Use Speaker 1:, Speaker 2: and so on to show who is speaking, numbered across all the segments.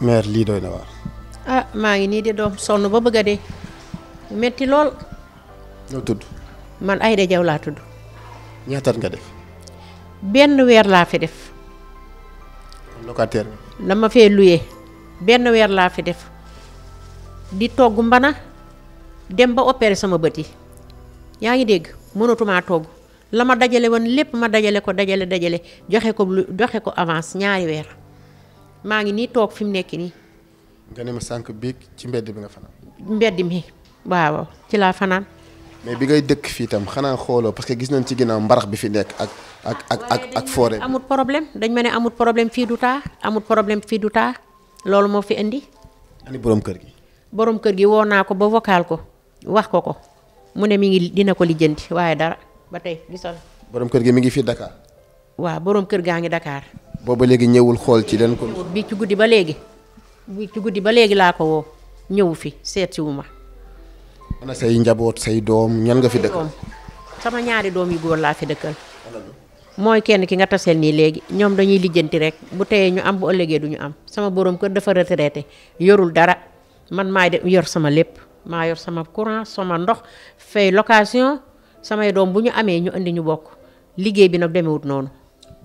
Speaker 1: maire lii doy na waar.
Speaker 2: Ah, maa ngi nii de doo sonn ba bëgg a dee metti lool. loo tudd. man Aïda Diaw laa tudd. ñaataat nga def. benn weer laa fi def. locataire bi. dama fee luye benn weer laa fi def di togg mbana dem ba opéré sama bët yi yaa ngi dégg mënatumaa togg la ma dajale woon lépp ma dajale ko dajale dajale joxe ko lu joxe ko avance ñaari weer. maa ngi nii toog fi mu nekk nii.
Speaker 1: nga ne sànq biig ci mbedd bi nga fanaan.
Speaker 2: mbedd mi waaw ci laa fanaan.
Speaker 1: mais bi ngay dëkk fii tam xanaa xooloo parce que gis nañ ci ginnaaw mbarax bi fi nekk ak ak ak ak ak forêt
Speaker 2: amul problème dañ ma ne amul problème fii du taa amul problème fii du taa loolu moo fi indi.
Speaker 1: ani borom kër gi.
Speaker 2: borom kër gi woo naa ko ba vocal ko wax ko ko mu ne mi ngi dina ko lijjanti waaye dara ba tey
Speaker 3: gisal.
Speaker 1: borom kër gi mi ngi fii Dakar.
Speaker 2: waaw borom kër gaa ngi dakaar
Speaker 1: booba léegi ñëwul xool ci leen ko.
Speaker 2: bi ci guddi ba léegi bi ci guddi ba léegi laa ko woo ñëwu fi seet si ma.
Speaker 3: ana
Speaker 1: njaboot say doom ñan nga fi dëkkal.
Speaker 2: sama ñaari doom yi góor laa fi dëkkal. mooy kenn ki nga taseel nii léegi ñoom dañuy lijjanti rek bu teyee ñu am bu ëllëgee du ñu am sama borom kër dafa retraité yorul dara man maa de yor sama lépp maa yor sama courant sama ndox fay location samay doom bu ñu amee ñu indi ñu bokk liggéey bi nag demewut noonu.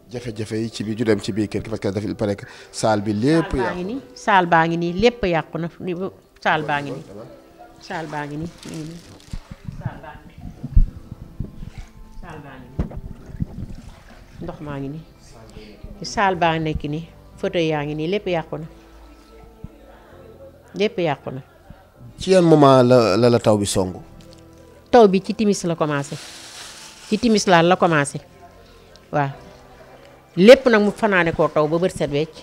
Speaker 1: jafe-jafe yi ci biir ju dem ci biir kër gi parce que dafa pare que saal bi lépp. yàqu
Speaker 2: na saal baa ngi nii lépp yàqu na saal baa ngi baa ngi baa ngi nii maa ngi nii saal baa nekk nii fauteuil yaa ngi nii lépp yàqu na lépp yàqu na. ci yan
Speaker 1: moment la la la taw bi songu.
Speaker 2: taw bi ci timis la commencé ci timis laal la commencé waaw. lépp nag mu fanaane koo taw ba bër set wecc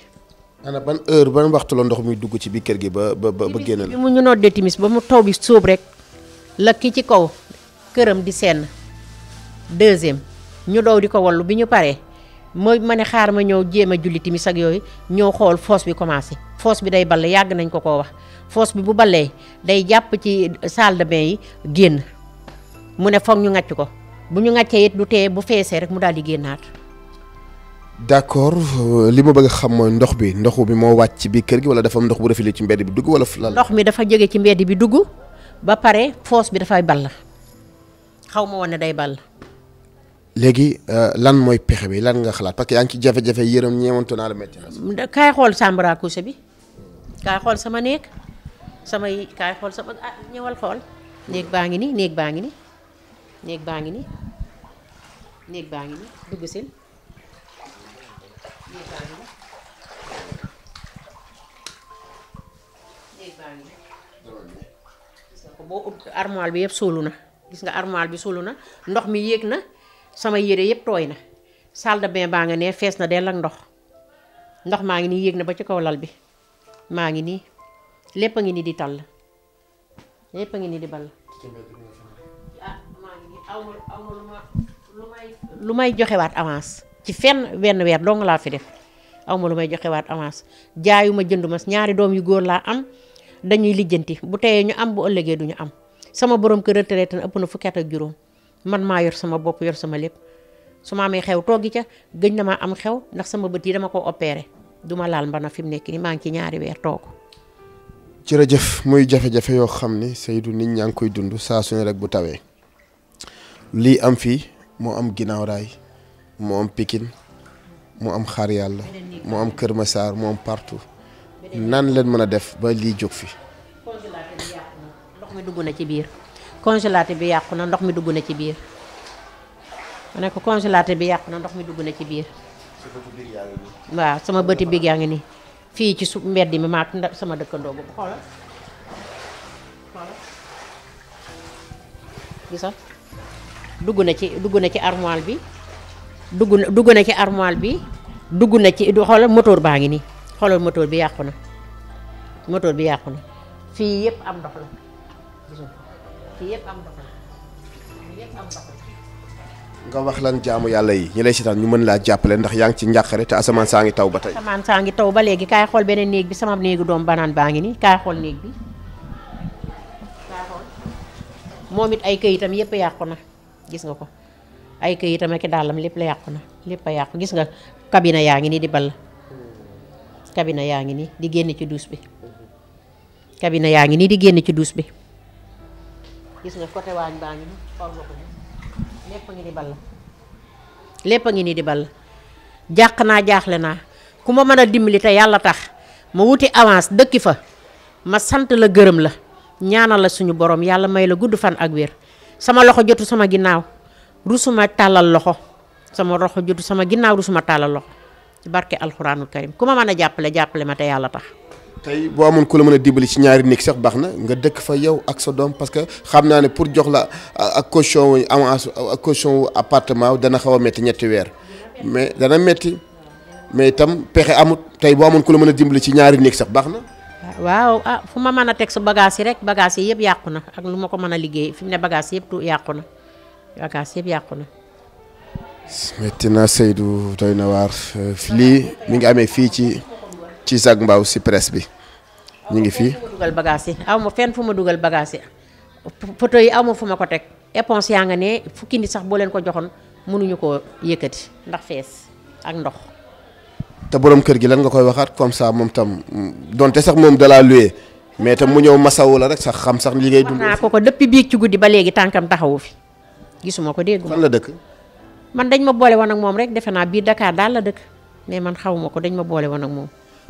Speaker 2: ana ban
Speaker 1: heure ban waxtu ndox mi dugg ci biir kër gi ba ba ba génn la
Speaker 2: mu ñu noddee timis ba mu taw bi sóob rek la ki ci kaw këram di senn deuxième ñu dow di ko wallu bi ñu paree mooy ma ne xaar ma ñëw jéem a julli timis ak yooyu ñëw xool foos bi commencé foos bi day ball yàgg nañ ko koo wax foos bi bu ballee day jàpp ci salle de bain yi génn mu ne foog ñu ngàcc ko bu ñu ngàccee it du tee bu feesee rek mu daal di génnaat
Speaker 1: d'accord euh, li ma bëgg xam mooy ndox bi ndoxu bi moo wàcc ci biir kër gi wala dafa ndox bu refilé ci mbedd bi dugg wala. lan ndox
Speaker 2: mi dafa jóge ci mbedd bi dugg ba pare foos bi dafay ball xaw ma woon ne day bal
Speaker 1: léegi euh, lan mooy pexe bi lan nga xalaat parce que yaa ngi ci jafe-jafe yërëm ñeewantu naa la métti
Speaker 2: na. kaay xool chambre à sama néeg samay kaay xool sama ah, ñëwal xool néeg baa ngi ni néeg baa ngi ni néeg baa ngi ni néeg baa ngi dugg si. boo armoire bi yëpp suulu na gis nga armoire bi suulu na ndox mi yéeg na sama yére yëpp tooy na salle de baa nga ne fees na dell ak ndox ndox maa ngi nii yéeg na ba ci kaw lal bi maa ngi nii lépp a ngi nii di tàll lépp a ngi nii di ball ah lu may joxewaat avance ci fenn wenn weer dong laa fi def aw ma lu may joxe waat avance jaayuma jënduma ñaari doom yu góor laa am dañuy lijjanti bu teyee ñu am bu ëllëgee duñu am sama borom kër retraité na na fukki at ak man maa yor sama bopp yor sama lépp su ma amee xew toggi ca gëj na maa am xew ndax sama bët yi dama ko opéré duma laal mbana fi mu nekk maa ngi ci ñaari weer toog.
Speaker 1: jërëjëf muy jafe-jafe yoo xam ni Seydou nit ñaa ngi koy dund saa su ne bu tawee lii am fii moo am ginnaaw raay. mu am Pikine mu am xaar yàlla mu am Kër Massar mu am partout nan leen mën a def ba lii jóg fi.
Speaker 2: congélateur bi yàqu ndox mi dugg na ci biir congélateur bi yàqu na ndox mi dugg na ci biir ma ne ko bi yàqu na ndox mi dugg na ci biir. waaw sama bëti big yaa ngi nii fii ci su mbedd mi maak sama dëkkandoo bu na ci dugg na ci armoire bi. dugg na dugg na ci armoire bi dugg na ci xoolal moteur baa ngi nii xoolal moteur bi yàqu na moteur bi yàqu na fii yëpp am ndox la fii
Speaker 1: nga wax lan jaamu yàlla yi ñi lay seetaan ñu mën laa jàppale ndax yaa ngi ci njàqare te asamaan saa ngi taw ba tey.
Speaker 2: asamaan saa ngi taw ba léegi kaay xool beneen néeg bi sama néegu doom banaan baa ngi nii kaay xool néeg bi moom it ay këyitam yëpp yàqu na gis nga ko. ay këyitam ak dàllam lépp la yàqu na lépp a yàqu gis nga kabina yaa ngi nii di bal kabina yaa ngi nii di génn ci duus bi kabina yaa ngi nii di génn ci duus bi gis nga côté waañ baa lépp a ngi di ball nii di ball jàq naa jaaxle naa ku ma mën a dimbali te yàlla tax ma wuti avance dëkki fa ma sant la gërëm la ñaanal la suñu borom yàlla may la gudd fan ak wér sama loxo jotu sama ginnaaw rusuma tàllal loxo sama roxo jotu sama ginnaaw rusuma tàllal loxo ci barke alxuraanul karim ku ma mën a jàppale jàppale ma te yàlla tax.
Speaker 1: tey boo amoon ku la mën a dimbali ci ñaari néeg sax baax na nga dëkk fa yow ak sa doom parce que xam naa ne pour jox la ak caution wu avance ak caution wu dana xaw a métti ñetti weer mais dana métti mais itam pexe amut tey boo amoon ku la mën a dimbali ci ñaari néeg sax baax na.
Speaker 2: waaw ah fu ma mën a teg sa bagage yi rek bagage yi yëpp yàqu na ak lu ma ko mën a liggéey fi mu ne bagage yëpp yàqu na. bagaas yëpp yàqu na.
Speaker 1: metti na seydu doy na waar lii mu ngi amee fii ci ci Zac Mbao si presse bi ñu ngi fii.
Speaker 2: dugal bagaas yi aw ma fenn fu ma dugal bagaas yi photo yi aw fu ma ko teg éponse yaa nga ne fukki nit sax boo leen ko joxoon mënuñu koo yëkkati ndax fees ak ndox.
Speaker 1: te borom kër gi lan nga koy waxaat comme sax moom tam donte sax moom dalaa luye mais tam mu ñëw masawu la rek sax xam sax li ngay. dund naa
Speaker 2: ko ko depuis biig ci guddi ba léegi tànkam taxawu fi. gisuma ko dégguma. fan la dëkk. man dañ ma boole woon ak moom rek defe naa biir dakaar daal la dëkk mais man xawuma ko dañ ma boole woon ak moom.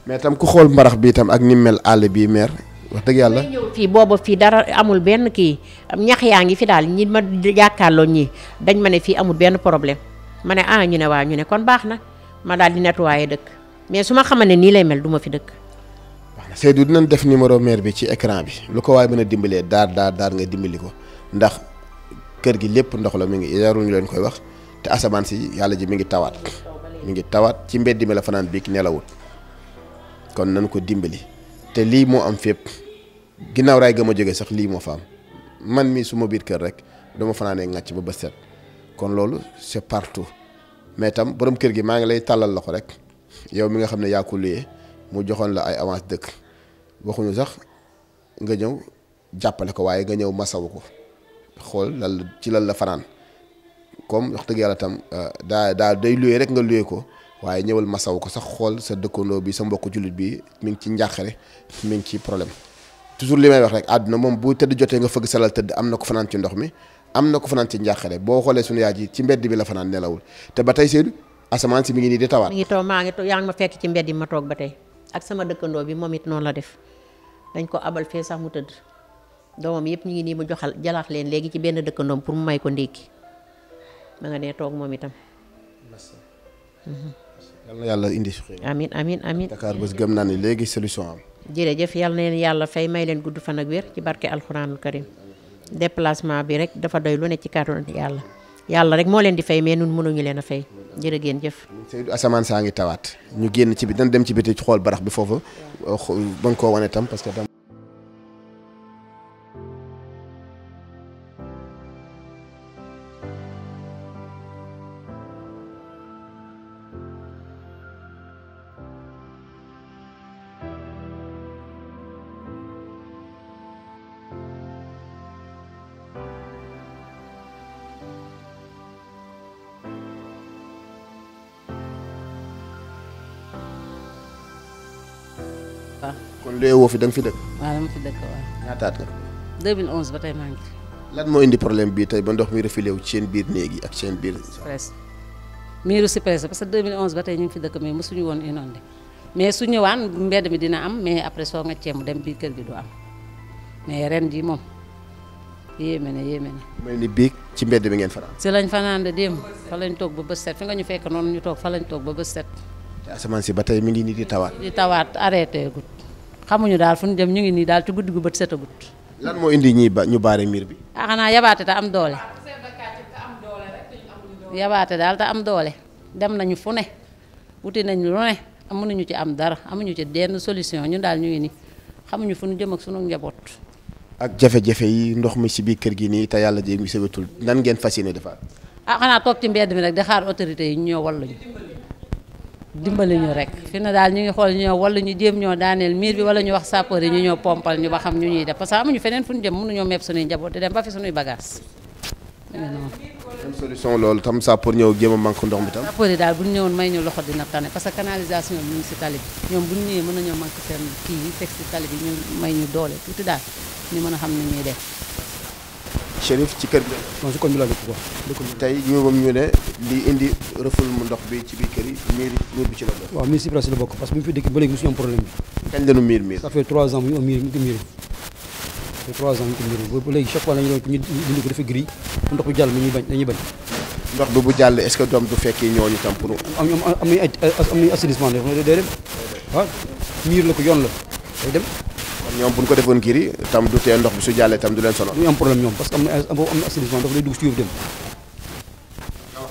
Speaker 2: mais tam ku xool mbarax
Speaker 1: bi tam ak ni mel àll bii meer wax dëgg yàlla. ñëw
Speaker 2: fii booba fii dara amul benn kii ñax yaa ngi fi daal ñi ma jàkkaarloo ñii dañ ma ne fii amul benn problème ma ne ah ñu ne waa ñu ne kon baax na ma daal di nettoyé dëkk mais su ma xamal ne nii lay mel duma fi dëkk.
Speaker 1: Seydou dinañ def numéro maire bi ci écran bi lu ko waay mën a dimbalee daar daar daar nga dimbali ko ndax kër gi lépp ndox la mi ngi yarul ñu leen koy wax te asamaan si yàlla ji mi ngi tawaat mi ngi tawaat ci mbedd mi la fanaan biig nelawut kon nañ ko dimbali te lii moo am fépp ginnaaw raay ga ma jógee sax lii moo fa am man mii suma biir kër rek dama fanaanee ngàcc ba ba set kon loolu c'est partout mais tam boroom kër gi maa ngi lay tàllal loxo rek yow mi nga xam ne yaa mu joxoon la ay avance dëkk waxuñu sax nga ñëw jàppale ko waaye nga ñëw masawu ko xool lal ci lal la fanaan comme wax dëgg yàlla tam euh, daa daa day luye rek nga luye ko waaye ñëwal masaw ko sax xool sa dëkkandoo bi sa mbokku jullit bi mi ngi ci njàqare mi ngi ci problème toujours li may wax rek àdduna moom bu tëdd jotee nga fëgg salal tëdd am na ko fanaan ci ndox mi am na ko fanaan ci njàqare boo xoolee suñu yaay ji ci mbedd bi la fanaan nelawul te ba tey Seydou asamaan si mi ngi nii di tawaat.
Speaker 2: mi maa ngi toog yaa ngi ma fekk ci mbedd yi ma toog ba tey ak sama dëkkandoo bi moom it noonu la def dañ ko abal fee sax mu doomam yëpp ñu ngi nii mu joxal jalax leen léegi ci benn dëkkandoom pour mu may ko ndékki ma nga nee toog moom itam.
Speaker 1: Mhm. yal na yàlla indi si amin amin amin Dakar Buzz gëm naa ne léegi solution am.
Speaker 2: jërëjëf yal na leen yàlla fay may leen gudd fan ak wér ci barke alxuraanul karim déplacement bi rek dafa doy lu ne ci kàddu yàlla yàlla rek moo leen di fay mais nun mënuñu leen a fay jërë ngeen jëf. Seydou asamaan
Speaker 1: saa ngi tawaat ñu génn ci bi dañ dem ci biti ci xool barax euh, ba nga koo wane
Speaker 3: kon léegi woo fi da fi dëkk. waaw dama fi dëkk waaw. ñaata at nga. 2011 ba tey maa ngi
Speaker 1: lan moo indi problème bi tey ba ndox mi refilé wu ci seen biir néeg yi ak seen biir.
Speaker 3: presque miiru si presque parce que ba tey ñu ngi fi dëkk mais mosuñu woon inondé mais su ñëwaan mbedd mi dina am mais après soo nga ceeb mu dem biir kër gi du am mais ren ji moom yéeme na yéeme na. mel ni
Speaker 1: biig ci mbedd mi ngeen fanaan.
Speaker 3: si lañ fanaan de démb fa lañ toog ba bës set fi nga ñu fekk noonu ñu toog fa lañ toog ba bës set. te asamaan
Speaker 1: si ba tey mi ngi nii di tawaat.
Speaker 3: di tawaat arrêté gut xamuñu daal fu ñu jëm ñu ngi nii daal ci guddi gu bët setagut. lan
Speaker 1: moo indi ñii ba ñu baare miir bi.
Speaker 3: ah xanaa yabaate te am doole. yabaate daal te am doole. dem nañu fu ne wuti nañ lu ne amuñu ci am dara amuñu ci denn solution ñun daal ñu ngi nii xamuñu fu ñu jëm ak sunu njaboot.
Speaker 1: ak jafe-jafe yi ndox mi ci biir kër gi nii te yàlla jéeg mi sëbatul nan ngeen fas yéene defaat.
Speaker 3: ah xanaa toog ci mbedd mi rek di xaar autorité yi ñëw walluñu dimbali ñu rek fi na daal ñu ngi xool ñoo wala ñu jéem ñoo daaneel miir bi wala ñu wax sapeur yi ñu ñoo pompal ñu ba xam ñu ñuy def parce que amuñu feneen fu ñu jëm mënuñoo meeb suñuy njaboot di dem ba fi suñuy bagage
Speaker 1: même solution ñëw jéem a manque ndox mi tam sapeur
Speaker 3: yi daal bu ñu ñëwoon may ñu loxo dina tane parce que canalisation bi ñu tali ñoom bu ñu ñëwee mën nañoo manque seen kii yi teg si tali bi ñu may ñu doole tuuti daal ñu mën a xam ni ñuy def
Speaker 1: Chérif ci kër gi. non si koñ bi laa dëkk tey ñoom ñu ne li indi refoulement ndox bi ci biir kër yi miir miir bi ci la
Speaker 4: bokk. waaw miir si biir si la bokk parce que bu ñu fi dëkk ba léegi mosu ñu am problème bi. kañ la miir miir. ça ko miir tam pour. am am am nañu dem waaw ah, miir la ko yoon la day dem
Speaker 1: ñoom bu ñu ko defoon kii tam du tee ndox bi su jàllee tam du leen sonal. du ñu am problème ñoom
Speaker 4: parce que am na am na assainissement dafa lay dugg si yóbbu dem. la.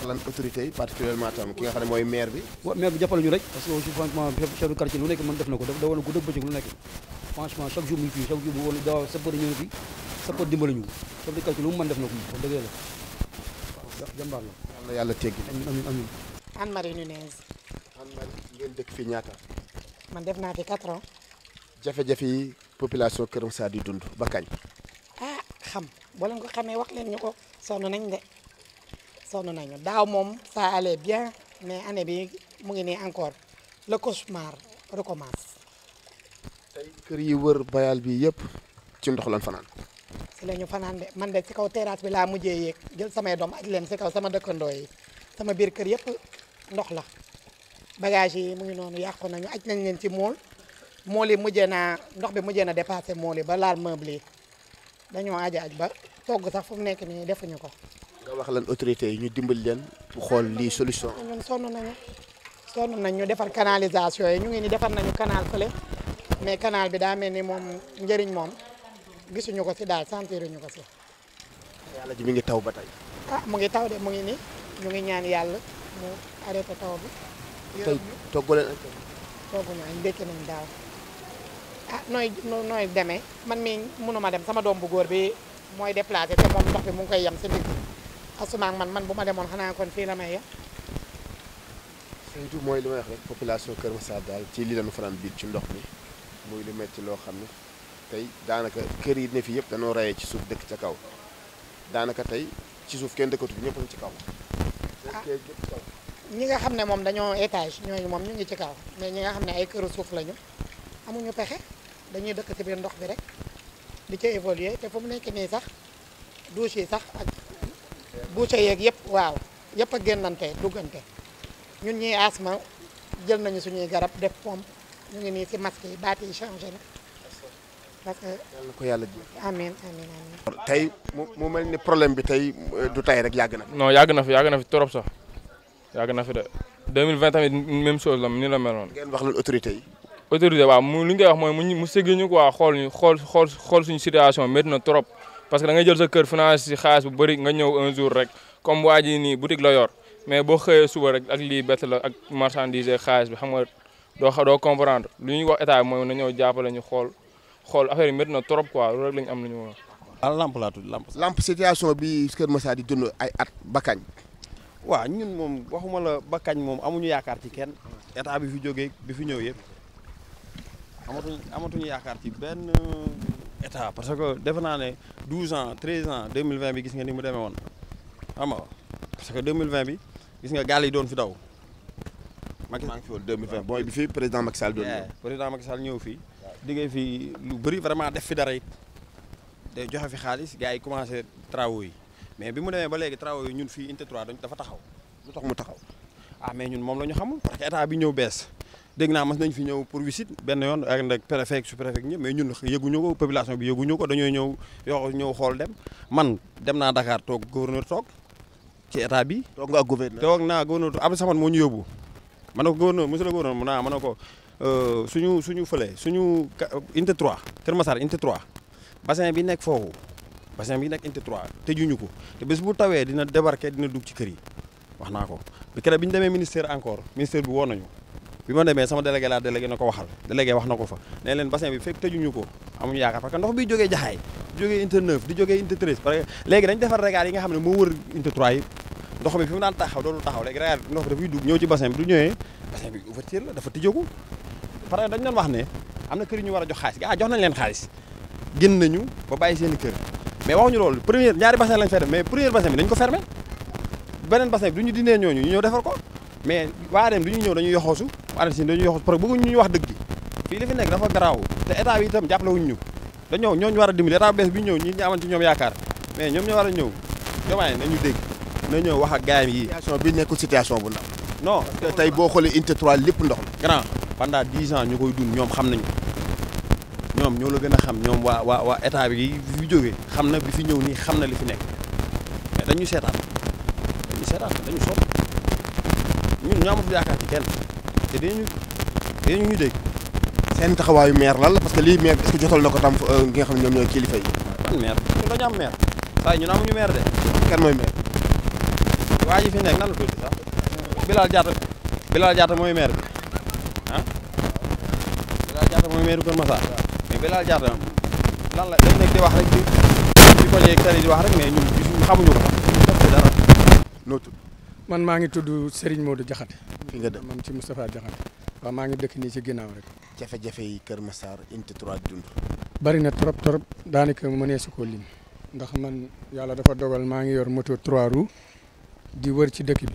Speaker 1: yàlla man def naa fi jafe-jafe yi population Kër Massar di dund ba kañ.
Speaker 5: ah xam boo leen ko xamee wax leen ñu ko sonn nañ de sonn nañu daaw moom ça allait bien mais année bi mu ngi nii encore le cauchemar recommence.
Speaker 1: kër yi wër bayal bi yëpp ci ndox la fanaan.
Speaker 5: si la ñu fanaan de man de si kaw terrasse bi laa mujjee yéeg jël samay doom ak leen si kaw sama dëkkandoo yi sama biir kër yëpp ndox la bagage yi mu ngi noonu yàqu nañu aj nañ leen ci mool. mool yi mujjee naa ndox bi mujjee na dépassé mool ba laal meuble yi dañoo aaj aj ba togg sax fu mu nekk nii defuñu ko.
Speaker 1: nga wax lan autorité yi ñu dimbali leen bu xool lii solution.
Speaker 5: ñun sonn nañu sonn nañ ñu defar canalisation yi ñu ngi ni defar nañu canal fële mais canal bi daa mel ni moom njëriñ moom gisuñu ko si daal sentiruñu ko si.
Speaker 1: yàlla mi ngi taw ba tey.
Speaker 5: ah mu ngi taw de mu ngi ni ñu ngi ñaan yàlla mu arrêté taw bi. tey togg leen ak ndekki nañ daaw. ah nooy nooy demee man mii mënuma dem sama doom bu góor bi mooy déplacé te moom ndox bi mu ngi koy yem si ndig asumaak man man bu ma demoon xanaa kon fii la may yem
Speaker 1: mooy li may wax rek population Kër Massar daal ci li lañu fanaan biir ci ndox mi muy lu metti loo xam ne tey daanaka kër yi ne fi yëpp dañoo rayee ci suuf dëkk ca kaw daanaka tey ci suuf kenn dëkkatu bi ñëpp ah. ci kaw
Speaker 5: ñi nga xam ne moom dañoo étage ñooñu moom ñu ngi ci kaw mais ñi nga xam ne ay këru suuf lañu amuñu pexe dañuy dëkk ci biir ndox bi rek li ca évoluer te fu mu nekk nii sax douche yi sax ak bouche yeeg yëpp waaw yëpp a génnante duggante ñun ñuy asma jël nañu suñuy garab def pompe ñu ngi nii ci masque yi baat yi changé na parce que. yàlla na ko yàlla
Speaker 1: tey mu mel ni problème bi tey euh, du tey rek yàgg na.
Speaker 4: non yàgg na fi yàgg na fi trop sax yàgg na fi de 2020 tamit même chose la ni la meloon. wax loolu autorité yi. autorité waaw mu li wax mooy mu mu sëggi ñu quoi xool ñu xool xool xool suñu situation métti na trop parce que da ngay jël sa kër financé si xaalis bu bëri nga ñëw un jour rek comme waa ji nii boutique la yor mais boo xëyee suba rek ak lii bett la ak marchandise xaalis bi xam nga doo doo comprendre lu ñuy wax état bi mooy na ñëw jàppale ñu xool xool affaire yi na trop quoi loolu rek ñu am lu ñu wax. ah lamp lamp. lamp
Speaker 1: bi Kër Massar di dund ay at ba
Speaker 4: waaw moom waxuma la ba moom amuñu yaakaar ci kenn état bi fi jógee bi fi ñëw yëpp. amatuñ amatuñ yaakaar ci benn état parce que defe naa ne 12 ans 13 ans 2020 bi gis nga ni mu demee woon xam nga parce que mille 2020 bi gis nga gaal yi doon fi daw.
Speaker 1: Macky maa ngi fi woon booy bi fii président Macky Sall doon ñëw.
Speaker 4: président Macky Sall ñëw fii. liggéey fi lu bëri vraiment def fi dara it. day joxe fi xaalis gars yi commencé travaux yi mais bi mu demee ba léegi travaux yi ñun fii unité 3 dafa taxaw. lu tax mu taxaw ah mais ñun moom la ñu xamul parce que état bi ñëw bees. dégg naa mas nañ fi ñëw pour visite benn yoon ànd ak préfet ak sous-préfet ñëpp mais ñun yëguñu ko population bi yëguñu ko dañoo ñëw yoo ñëw xool dem man dem naa Dakar toog gouverneur toog ci état bi. toog nga ak gouverneur toog naa gouverneur Abdou Samane moo ñu yóbbu ma ne ko gouverneur monsieur le gouverneur mu naa man a ko euh, suñu suñu fële suñu unité 3 Kër Massar unité 3 bassin bi nekk foofu bassin bi nekk unité te juñu ko te bés bu tawee dina débarquer dina dugg ci kër yi wax naa ko keroog bi ñu demee ministère encore ministère bi woo nañu. bi ma demee sama délégué laa délégué na ko waxal délégué wax na ko fa ne leen bassin bi fekk tëjuñu ko amuñu yaakaar parce ndox bi jógee jaxaay di jógee unité di jógee unité 13 parce dañ defar régal yi nga xam ne moo wër unité ndox mi fi daan taxaw doolu du ñëwee bassin bi ouverture dafa tëjoogu parce dañ doon wax ne am na kër yu ñu war a jox xaalis gaa jox nañ leen xaalis génn nañu ba bàyyi seen i kër mais waxuñu loolu première ñaari bassin lañ fay def mais première bassin bi dañ ko fermé beneen bassin bi ANACIM dañuy wax pro bëgguñ ñu wax dëgg fii li fi nekk dafa garaaw te état bi itam jàppalewuñ ñu dañoo ñooñu war a dimbali état bees bi ñëw ñi ñu amoon ci ñoom mais ñoom ñoo war a ñëw jomaay nañu dégg na ñëw wax ak gaayam yi situation bi nekkul situation bu ndaw non tey boo xoolee unité 3 lépp ndox la grand pendant 10 ans ñu koy dund ñoom xam nañu ñoom ñoo la gën a xam ñoom waa waa waa état bi fi jógee xam na bi fi ñëw nii xam na li fi nekk mais dañu seetaan dañu seetaan dañu sopp ñun
Speaker 1: te dinañu dinañu ñu dégg. seen taxawaayu meer lan la parce que lii maire est-ce que jotal na ko tam gi euh, nga xam ne ñoom ñooy kilifa yi.
Speaker 4: meer maire ñun dañu am maire. waaye ñun amuñu mooy
Speaker 1: maire.
Speaker 4: waa ji fi nekk nan mooy maire bi ah. Bilal Diatta mooy la dañ nekk di wax rek di di ko jeeg di wax
Speaker 6: rek mais ñun xamuñu ko sax. dara noo tudd. man maa ngi tudd Serigne Modou Diakhaté. fi nga dëkk man ci Moustapha Diakhaté waaw maa ngi dëkk nii ci ginnaaw rek. jafe-jafe yi Kër
Speaker 1: Massar unité 3 dund.
Speaker 6: bari na trop trop daanaka mënee su ko lim ndax man yàlla dafa dogal maa ngi yor moto 3 roues di wër ci dëkk bi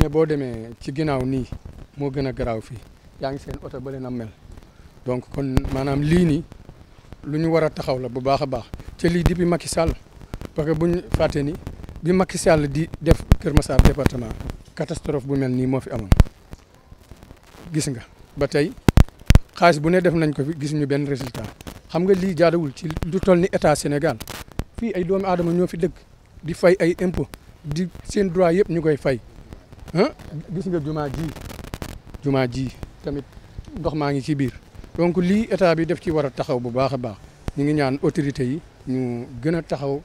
Speaker 6: ne boo demee ci ginnaaw nii moo gën a garaaw fii yaa ngi seen oto bële na mel donc kon maanaam lii nii lu ñu war a taxaw la bu baax a baax te lii depuis Macky Sall parce que bu ñu fàtte ni bi Macky Sall di def Kër Massar département catastrophe bu mel nii moo fi amoon. gis nga ba tey xaalis bu ne def nañ ko fi gis ñu benn résultat xam nga lii jaaduwul ci lu toll ni état Sénégal fii ay doomi adama ñoo fi dëkk di fay ay impôt di seen droit yëpp ñu koy fay ah gis nga jumaa ji tamit ndox maa ngi ci biir donc lii état bi def ci war a taxaw bu baax a baax ñu ngi ñaan autorité yi ñu gën a taxaw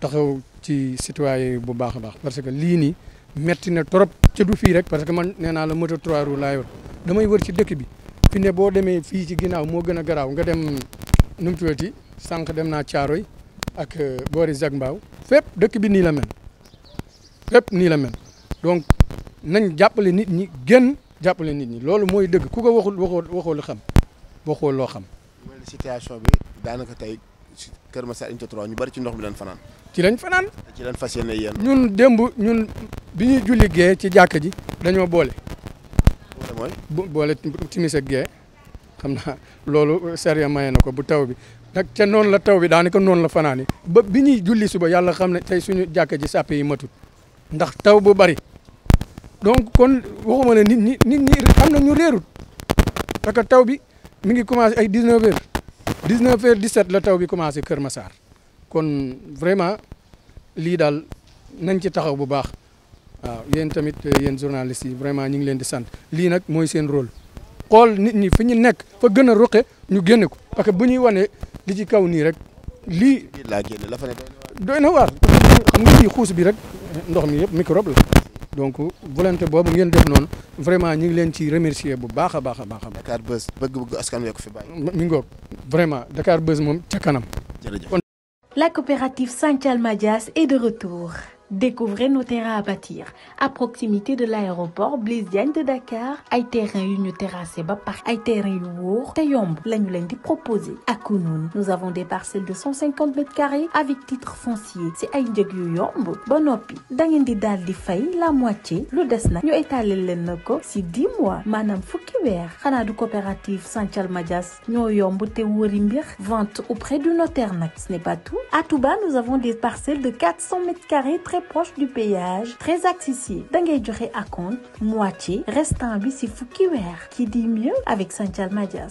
Speaker 6: taxaw ci citoyen bu baax a baax parce que lii nii metti na trop ca fii rek parce que man nee naa la moto trois roues laa damay war ci dëkk bi fi ne boo demee fii ci ginnaaw moo gën a garaaw nga dem nu mu tuddati sànq dem naa yi ak euh, boori Zac Mbao fépp dëkk bi nii la mel fépp nii la mel donc nañ jàppale nit ñi gën jàppale nit ñi loolu mooy dëgg ku ko waxul waxool waxoo lu xam waxoo loo xam.
Speaker 1: mooy situation bi daanaka tey si Kër Masar unité 3 ñu bari ci ndox mi lañ fanaan. ci lañ fanaan. ci lañ fas yéene yéen.
Speaker 6: ñun démb ñun bi ñuy julli gee ci jàkka ji dañoo boole. te mooy. bu boole timis ak gee xam na loolu sariya maye na ko bu taw bi nag ca noon la taw bi daanaka noonu la fanaani ba bi ñuy julli suba yàlla xam ne tey suñu jàkka ji sàppe yi matut ndax taw bu bari donc kon waxuma ne nit ñi nit am na ñu réerut parce que taw bi mi ngi commencé ay 19 heures 19 heures 17 la taw bi commencé Kër masaar kon vraiment lii daal nañ ci taxaw bu baax. waaw yéen tamit euh, yéen journalistes yi vraiment ñu ngi leen di sant lii nag mooy seen rôle xool nit ñi fi ñu nekk fa gën a ruqe ñu génne ko parce que bu ñuy wane li ci kaw nii rek lii.
Speaker 1: laa génne la fa ne
Speaker 6: doy na waar xam nga lii xuus bi rek ndox mi yëpp microbe la donc volonté boobu ngeen def noonu vraiment ñu ngi leen ci remercier bu baax a baax a baax. Dakar Buzz bëgg-bëgg askan wi ko fi bàyyi. mi ngoog vraiment Dakar Buzz moom ca kanam. jërëjëf.
Speaker 2: La Découvrez nos terrains à bâtir à proximité de l'aéroport Blaise Diagne de Dakar ay terrain yu ñu terrassé ba par ay terrain yu wóor te yomb lañu leen di proposer ak Kounoune nous avons des parcelles de 150 mètres carrés avec titre foncier si ay njëg yu yomb ba noppi da ngeen di daal di fay la moitié lu des nag ñu étaler leen na ko ci 10 mois maanaam fukki weer xanaa du coopérative Santhial Madias ñoo yomb te wëri mbir vente auprès du notaire nag ce n'est pas tout à Touba nous proche du péage très accessible da ngay joxe acompte moitié restant bi ci fukki weer qui dit mieux avec Santial Madias